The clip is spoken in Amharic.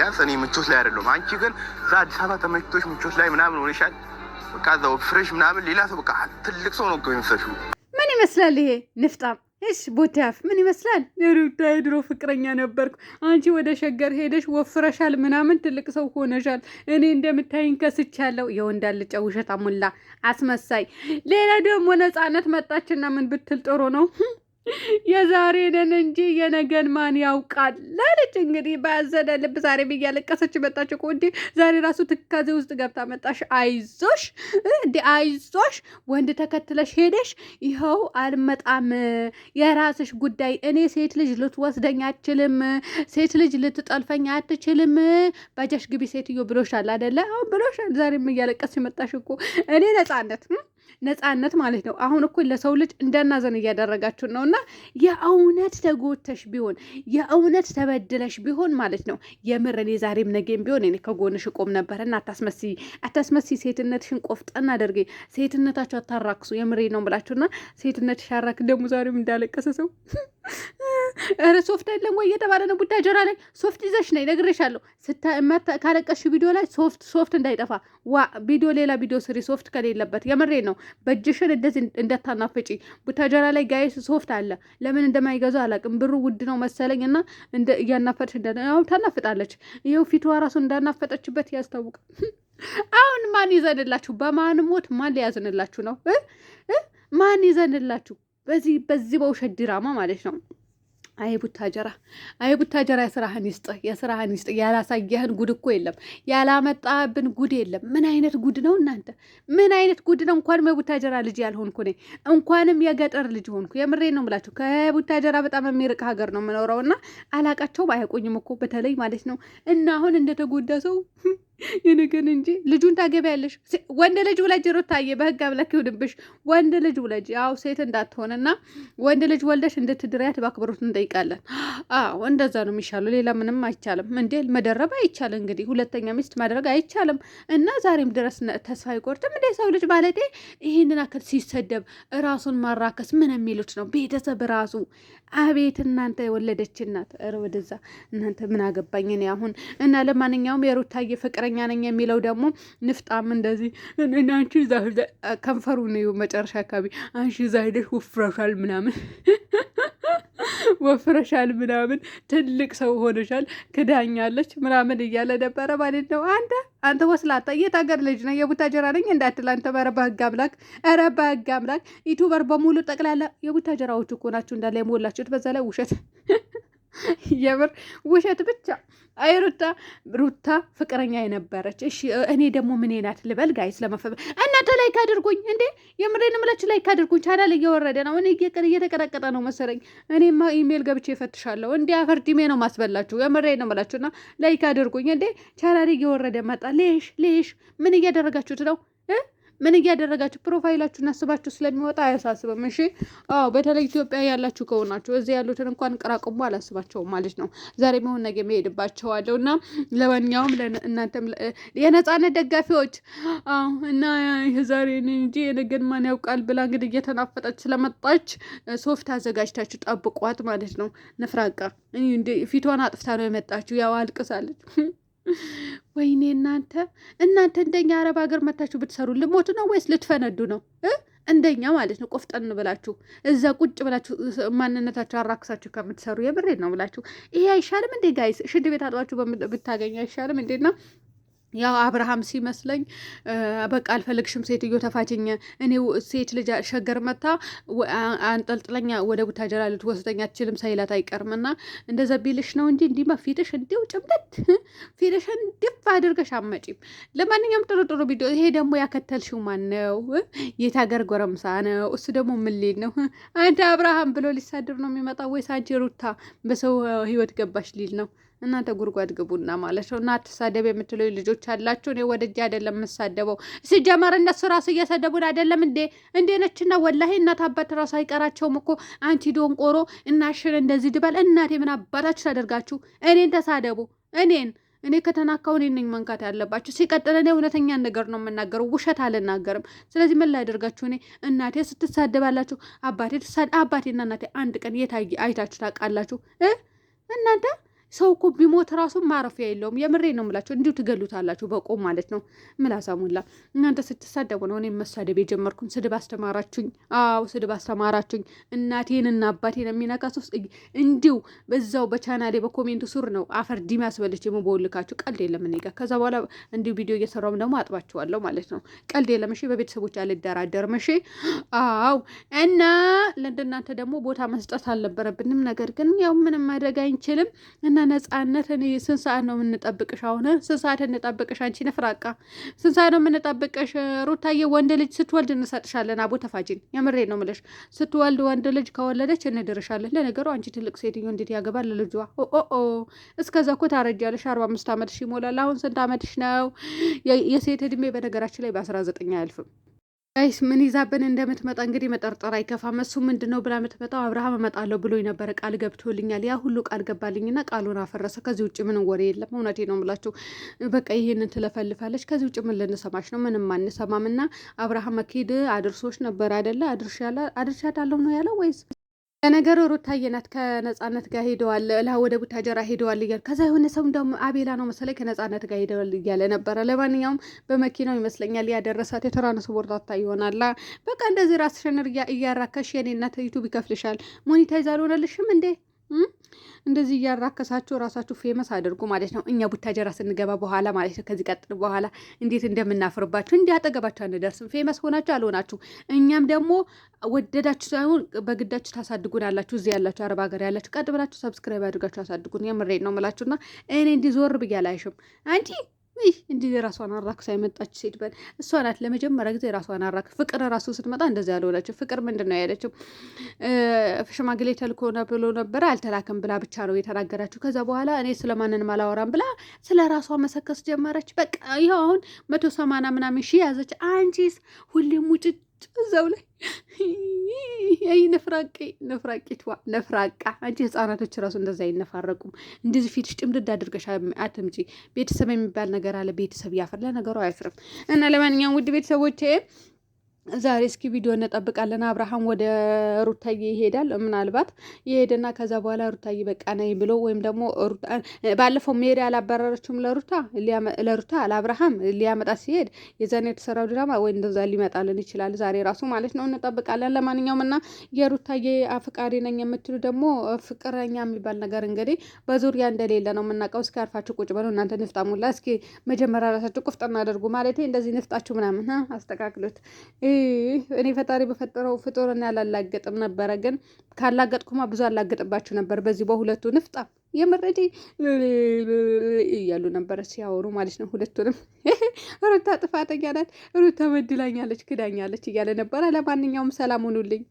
ቢያንስ እኔ ምቾት ላይ አይደለሁም። አንቺ ግን እዛ አዲስ አበባ ተመችቶች ምቾት ላይ ምናምን ሆነሻል። በቃ እዛው ፍሬሽ ምናምን ሌላ ሰው በቃ ትልቅ ሰው ነው የሚመስልሽው። ምን ይመስላል ይሄ ንፍጣም? እሽ ቦታፍ ምን ይመስላል? የሩታ የድሮ ፍቅረኛ ነበርኩ፣ አንቺ ወደ ሸገር ሄደሽ ወፍረሻል፣ ምናምን ትልቅ ሰው ሆነሻል። እኔ እንደምታይኝ ከስቻለሁ። የወንድ አልጫ ውሸት አሞላ አስመሳይ። ሌላ ደግሞ ነፃነት መጣችና ምን ብትል ጥሩ ነው የዛሬንን እንጂ የነገን ማን ያውቃል አለች። እንግዲህ በያዘነ ልብ ዛሬ እያለቀሰች መጣች እኮ እንዲ ዛሬ ራሱ ትካዜ ውስጥ ገብታ መጣሽ። አይዞሽ እንዲ አይዞሽ፣ ወንድ ተከትለሽ ሄደሽ ይኸው አልመጣም። የራስሽ ጉዳይ። እኔ ሴት ልጅ ልትወስደኝ አትችልም። ሴት ልጅ ልትጠልፈኝ አትችልም። ባጃሽ ግቢ ሴትዮ ብሎሻል አደለ? አሁን ብሎሻል። ዛሬ ዛሬም እያለቀሰች መጣሽ እኮ እኔ ነጻነት ነፃነት ማለት ነው። አሁን እኮ ለሰው ልጅ እንደናዘን እያደረጋችሁን ነው። እና የእውነት ተጎተሽ ቢሆን የእውነት ተበድለሽ ቢሆን ማለት ነው የምር እኔ ዛሬም ነገም ቢሆን እኔ ከጎንሽ ቆም ነበር እና አታስመሲ አታስመሲ፣ ሴትነትሽን ቆፍጠን አደርገ ሴትነታቸው አታራክሱ። የምሬ ነው ብላችሁና ሴትነት ሻራክ ደግሞ ዛሬም እንዳለቀሰ ሰው ኧረ ሶፍት የለም ወይ እየተባለ ነው። ቡዳ ጀራ ላይ ሶፍት ይዘሽ ነይ ነግሬሻለሁ። ካለቀሽ ቪዲዮ ላይ ሶፍት ሶፍት እንዳይጠፋ ዋ ቪዲዮ ሌላ ቪዲዮ ስሪ ሶፍት ከሌለበት የምሬ ነው። በእጅሽን እንደዚህ እንደታናፍጪ። ቡዳ ጀራ ላይ ጋይስ ሶፍት አለ። ለምን እንደማይገዛ አላቅም። ብሩ ውድ ነው መሰለኝ እና እያናፈጥሽ ያው ታናፍጣለች። ይኸው ፊቷ ራሱ እንዳናፈጠችበት ያስታውቃል። አሁን ማን ይዘንላችሁ? በማን ሞት ማን ሊያዝንላችሁ ነው? ማን ይዘንላችሁ? በዚህ በዚህ በውሸት ድራማ ማለት ነው። አይ ቡታጀራ፣ አይ ቡታጀራ፣ የስራህን ይስጥ፣ የስራህን ይስጥ። ያላሳየህን ጉድ እኮ የለም፣ ያላመጣብን ጉድ የለም። ምን አይነት ጉድ ነው እናንተ? ምን አይነት ጉድ ነው? እንኳንም የቡታጀራ ልጅ ያልሆንኩ እኔ እንኳንም የገጠር ልጅ ሆንኩ። የምሬ ነው ምላቸው ከቡታጀራ በጣም የሚርቅ ሀገር ነው የምኖረው እና አላቃቸውም፣ አያውቁኝም እኮ በተለይ ማለት ነው። እና አሁን እንደተጎዳ ሰው የነገን እንጂ ልጁን ታገቢያለሽ። ወንድ ልጅ ውለጅ፣ ሩታዬ በህግ አምላክ ይሁንብሽ። ወንድ ልጅ ውለጅ፣ ያው ሴት እንዳትሆንና ወንድ ልጅ ወልደሽ እንድትድሪያት በአክብሮት እንጠይቃለን። አዎ እንደዛ ነው የሚሻለው። ሌላ ምንም አይቻልም እንዴ መደረብ አይቻል እንግዲህ ሁለተኛ ሚስት ማድረግ አይቻልም። እና ዛሬም ድረስ ተስፋ አይቆርጥም እንዴ ሰው ልጅ ማለቴ ይህንን አክል ሲሰደብ ራሱን ማራከስ ምን የሚሉት ነው? ቤተሰብ ራሱ አቤት እናንተ የወለደች እናት ወደዛ እናንተ ምን አገባኝ እኔ አሁን እና ለማንኛውም የሩታዬ ፍቅረ ፍቅረኛ ነኝ የሚለው ደግሞ ንፍጣም እንደዚህ አንቺ እዛ ከንፈሩ ነው መጨረሻ አካባቢ አንቺ እዛ ሄደሽ ወፍረሻል ምናምን ወፍረሻል ምናምን ትልቅ ሰው ሆነሻል ክዳኛለች ምናምን እያለ ነበረ ማለት ነው። አንተ አንተ ወስላታ የት ሀገር ልጅ ነህ? የቡታጀራ ነኝ እንዳትል አንተ ኧረ በህግ አምላክ፣ ኧረ በህግ አምላክ ዩቱበር በሙሉ ጠቅላላ የቡታጀራዎች እኮ ናችሁ እንዳለ የሞላችሁት። በዛ ላይ ውሸት የምር ውሸት ብቻ። አይ ሩታ ሩታ ፍቅረኛ የነበረች እሺ። እኔ ደግሞ ምን ናት ልበል? ጋይስ ለመፈበ እናንተ ላይክ አድርጉኝ እንዴ! የምሬን እምላችሁ ላይክ አድርጉኝ። ቻናል እየወረደ ነው። እኔ እየተቀጠቀጠ ነው መሰለኝ። እኔማ ኢሜል ገብቼ እፈትሻለሁ። እንዲ አፈርድሜ ነው ማስበላችሁ። የምሬን ምላችሁና ላይክ አድርጉኝ እንዴ! ቻናል እየወረደ መጣ። ሌሽ ሌሽ ምን እያደረጋችሁት ነው? እ ምን እያደረጋችሁ ፕሮፋይላችሁ እናስባችሁ ስለሚወጣ አያሳስብም። እሺ፣ አዎ፣ በተለይ ኢትዮጵያ ያላችሁ ከሆናችሁ እዚህ ያሉትን እንኳን ቅራቅሞ አላስባቸውም ማለት ነው። ዛሬ መሆን ነገ መሄድባቸዋለሁ እና ለማንኛውም እናንተም የነጻነት ደጋፊዎች እና የዛሬን እንጂ የነገን ማን ያውቃል ብላ እንግዲህ እየተናፈጠች ስለመጣች ሶፍት አዘጋጅታችሁ ጠብቋት ማለት ነው። ነፍራቃ ፊቷን አጥፍታ ነው የመጣችሁ። ያው አልቅሳለች። ወይኔ እናንተ እናንተ እንደኛ አረብ ሀገር መታችሁ ብትሰሩ ልሞት ነው ወይስ ልትፈነዱ ነው? እንደኛ ማለት ነው። ቆፍጠን ብላችሁ እዛ ቁጭ ብላችሁ ማንነታችሁ አራክሳችሁ ከምትሰሩ የምሬ ነው ብላችሁ ይሄ አይሻልም እንዴ ጋይስ? ሽንት ቤት አጥባችሁ ብታገኙ አይሻልም እንዴና ያው አብርሃም ሲመስለኝ በቃ አልፈልግሽም፣ ሴትዮ ተፋችኝ፣ እኔ ሴት ልጅ ሸገር መታ አንጠልጥለኛ ወደ ቡታጀራ ልትወስደኝ አትችልም ሳይላት አይቀርም። እና እንደዛ ቢልሽ ነው እንጂ እንዲማ ፊትሽ እንዲው ጭምደት ፊትሽ እንዲፍ አድርገሽ አመጪም። ለማንኛውም ጥሩ ጥሩ ቪዲዮ። ይሄ ደግሞ ያከተልሽው ማን ነው? የት ሀገር ጎረምሳ ነው? እሱ ደግሞ ምን ሊል ነው? አንድ አብርሃም ብሎ ሊሳድር ነው የሚመጣው ወይስ አንቺ ሩታ በሰው ህይወት ገባሽ ሊል ነው? እናንተ ጉድጓድ ግቡና ማለት ነው። እና አትሳደብ የምትለው ልጆች አላችሁ። እኔ ወደጃ አይደለም የምሳደበው። ሲጀመር እነሱ ራሱ እየሰደቡን አይደለም እንዴ? እንዴ ነችና ወላሂ እናት አባት ራሱ አይቀራቸውም እኮ አንቺ ዶንቆሮ እናሽን እንደዚህ ድበል። እናቴ ምን አባታችሁ ታደርጋችሁ? እኔን ተሳደቡ እኔን እኔ ከተናካው እኔ ነኝ መንካት ያለባችሁ። ሲቀጥል እኔ እውነተኛ ነገር ነው የምናገረው፣ ውሸት አልናገርም። ስለዚህ ምን ላደርጋችሁ? እኔ እናቴ ስትሳደባላችሁ፣ አባቴ አባቴና እናቴ አንድ ቀን የት አይታችሁ ታውቃላችሁ እናንተ? ሰው እኮ ቢሞት ራሱ ማረፊያ የለውም። የምሬ ነው ምላቸው። እንዲሁ ትገሉታላችሁ በቆም ማለት ነው። ምላሳ ሙላ እናንተ ስትሳደቡ ነው እኔም መሳደብ የጀመርኩኝ። ስድብ አስተማራችሁኝ። አዎ ስድብ አስተማራችሁኝ። እናቴንና አባቴን የሚነካ ሰው እንዲሁ በዛው በቻናሌ በኮሜንቱ ሱር ነው አፈር ዲም ያስበለች የምቦልካችሁ። ቀልድ የለም እኔ ጋር። ከዛ በኋላ እንዲሁ ቪዲዮ እየሰራውም ደግሞ አጥባችኋለሁ ማለት ነው። ቀልድ የለም እሺ። በቤተሰቦች አልደራደርም እሺ። አዎ እና ለእንደናንተ ደግሞ ቦታ መስጠት አልነበረብንም። ነገር ግን ያው ምንም ማድረግ አይንችልም እና ነፃነት ስንት ሰዓት ነው የምንጠብቅሽ? አሁን ስንት ሰዓት እንጠብቅሽ? አንቺ ነፍራቃ ስንት ሰዓት ነው የምንጠብቅሽ? ሩታዬ ወንድ ልጅ ስትወልድ እንሰጥሻለን። አቦ ተፋጅን፣ የምሬ ነው ምለሽ። ስትወልድ ወንድ ልጅ ከወለደች እንድርሻለን። ለነገሩ አንቺ ትልቅ ሴትዮ እንዴት ያገባል ለልጇ? ኦኦ እስከዛ እኮ ታረጃለሽ። አርባ አምስት ዓመትሽ ይሞላል። አሁን ስንት አመትሽ ነው? የሴት እድሜ በነገራችን ላይ በአስራ ዘጠኝ አያልፍም። ጋይስ ምን ይዛብን እንደምትመጣ እንግዲህ መጠርጠር አይከፋም። እሱ ምንድን ነው ብላ የምትመጣው አብርሃም እመጣለሁ ብሎ ነበረ፣ ቃል ገብቶልኛል። ያ ሁሉ ቃል ገባልኝና ቃሉን አፈረሰ። ከዚህ ውጭ ምንም ወሬ የለም። እውነቴ ነው ምላችሁ። በቃ ይህንን ትለፈልፋለች። ከዚህ ውጭ ምን ልንሰማች ነው? ምንም አንሰማም። እና አብርሃም መኪድ አድርሶች ነበር አይደለ? አድርሻታለሁ ነው ያለው ወይስ ለነገሩ ሩታዬ ናት ከነጻነት ጋር ሄደዋል ላ ወደ ቡታጀራ ሄደዋል እያሉ ከዛ የሆነ ሰው እንደውም አቤላ ነው መሰለኝ ከነጻነት ጋር ሄደዋል እያለ ነበረ። ለማንኛውም በመኪናው ይመስለኛል ያደረሳት የትራንስፖርት ይሆናላ። በቃ እንደዚህ ራስሽን እያራከሽ የኔ እናት ዩቱብ ይከፍልሻል። ሞኒታይዝ አልሆነልሽም እንዴ? እንደዚህ እያራከሳችሁ ራሳችሁ ፌመስ አድርጉ ማለት ነው። እኛ ቡታጀራ ስንገባ በኋላ ማለት ነው ከዚህ ቀጥል በኋላ እንዴት እንደምናፍርባችሁ እንዲህ አጠገባችሁ አንደርስም። ፌመስ ሆናችሁ አልሆናችሁ እኛም ደግሞ ወደዳችሁ ሳይሆን በግዳችሁ ታሳድጉናላችሁ። እዚህ ያላችሁ አረብ ሀገር ያላችሁ ቀጥ ብላችሁ ሰብስክራይብ አድርጋችሁ አሳድጉን። የምሬድ ነው ምላችሁና እኔ እንዲህ ዞር ብዬ አላይሽም አንቺ ይህ እንዲህ ራሷን አራክ ሳይመጣች ሴት በል እሷ ናት ለመጀመሪያ ጊዜ ራሷን አራክ ፍቅር ራሱ ስትመጣ እንደዚህ ያልሆነችው ፍቅር ምንድን ነው ያለችው ሽማግሌ ተልኮ ብሎ ነበረ አልተላከም ብላ ብቻ ነው የተናገራችው ከዛ በኋላ እኔ ስለማንንም አላወራም ብላ ስለ ራሷ መሰከስ ጀመረች በቃ ይኸው አሁን መቶ ሰማና ምናምን ሺ ያዘች አንቺስ ሁሌም ውጭ እዛው ላይ አይ ነፍራቂ ነፍራቂቷ ነፍራቃ አንቺ ህፃናቶች ራሱ እንደዚ አይነፋረቁም። እንደዚህ ፊትሽ ጭምድድ አድርገሽ አትምጪ። ቤተሰብ የሚባል ነገር አለ። ቤተሰብ ያፍር፣ ለነገሩ አያፍርም። እና ለማንኛውም ውድ ቤተሰቦቼ ዛሬ እስኪ ቪዲዮ እንጠብቃለን። አብርሃም ወደ ሩታዬ ይሄዳል። ምናልባት ይሄድና ከዛ በኋላ ሩታዬ በቃ ነኝ ብሎ ወይም ደግሞ ባለፈው ሜሪ አላባረረችውም ለሩታ ለሩታ ለአብርሃም ሊያመጣ ሲሄድ የዛን የተሰራው ድራማ ወይ እንደዛ ሊመጣልን ይችላል። ዛሬ ራሱ ማለት ነው። እንጠብቃለን። ለማንኛውም እና የሩታዬ አፍቃሪ ነኝ የምትሉ ደግሞ ፍቅረኛ የሚባል ነገር እንግዲህ በዙሪያ እንደሌለ ነው የምናውቀው። እስኪ አርፋችሁ ቁጭ በሉ እናንተ ሙላ። እስኪ መጀመሪያ ራሳችሁ ቁፍጥና አድርጉ ማለት እንደዚህ ንፍጣችሁ ምናምን አስተካክሉት። እኔ ፈጣሪ በፈጠረው ፍጡር ፍጡርን ያላላገጥም ነበረ። ግን ካላገጥኩማ ብዙ አላገጥባችሁ ነበር። በዚህ በሁለቱ ንፍጣ የመረጂ እያሉ ነበረ ሲያወሩ ማለት ነው። ሁለቱንም ሩታ ጥፋተኛ ናት፣ ሩታ መድላኛለች፣ ክዳኛለች እያለ ነበረ። ለማንኛውም ሰላም ሁኑልኝ።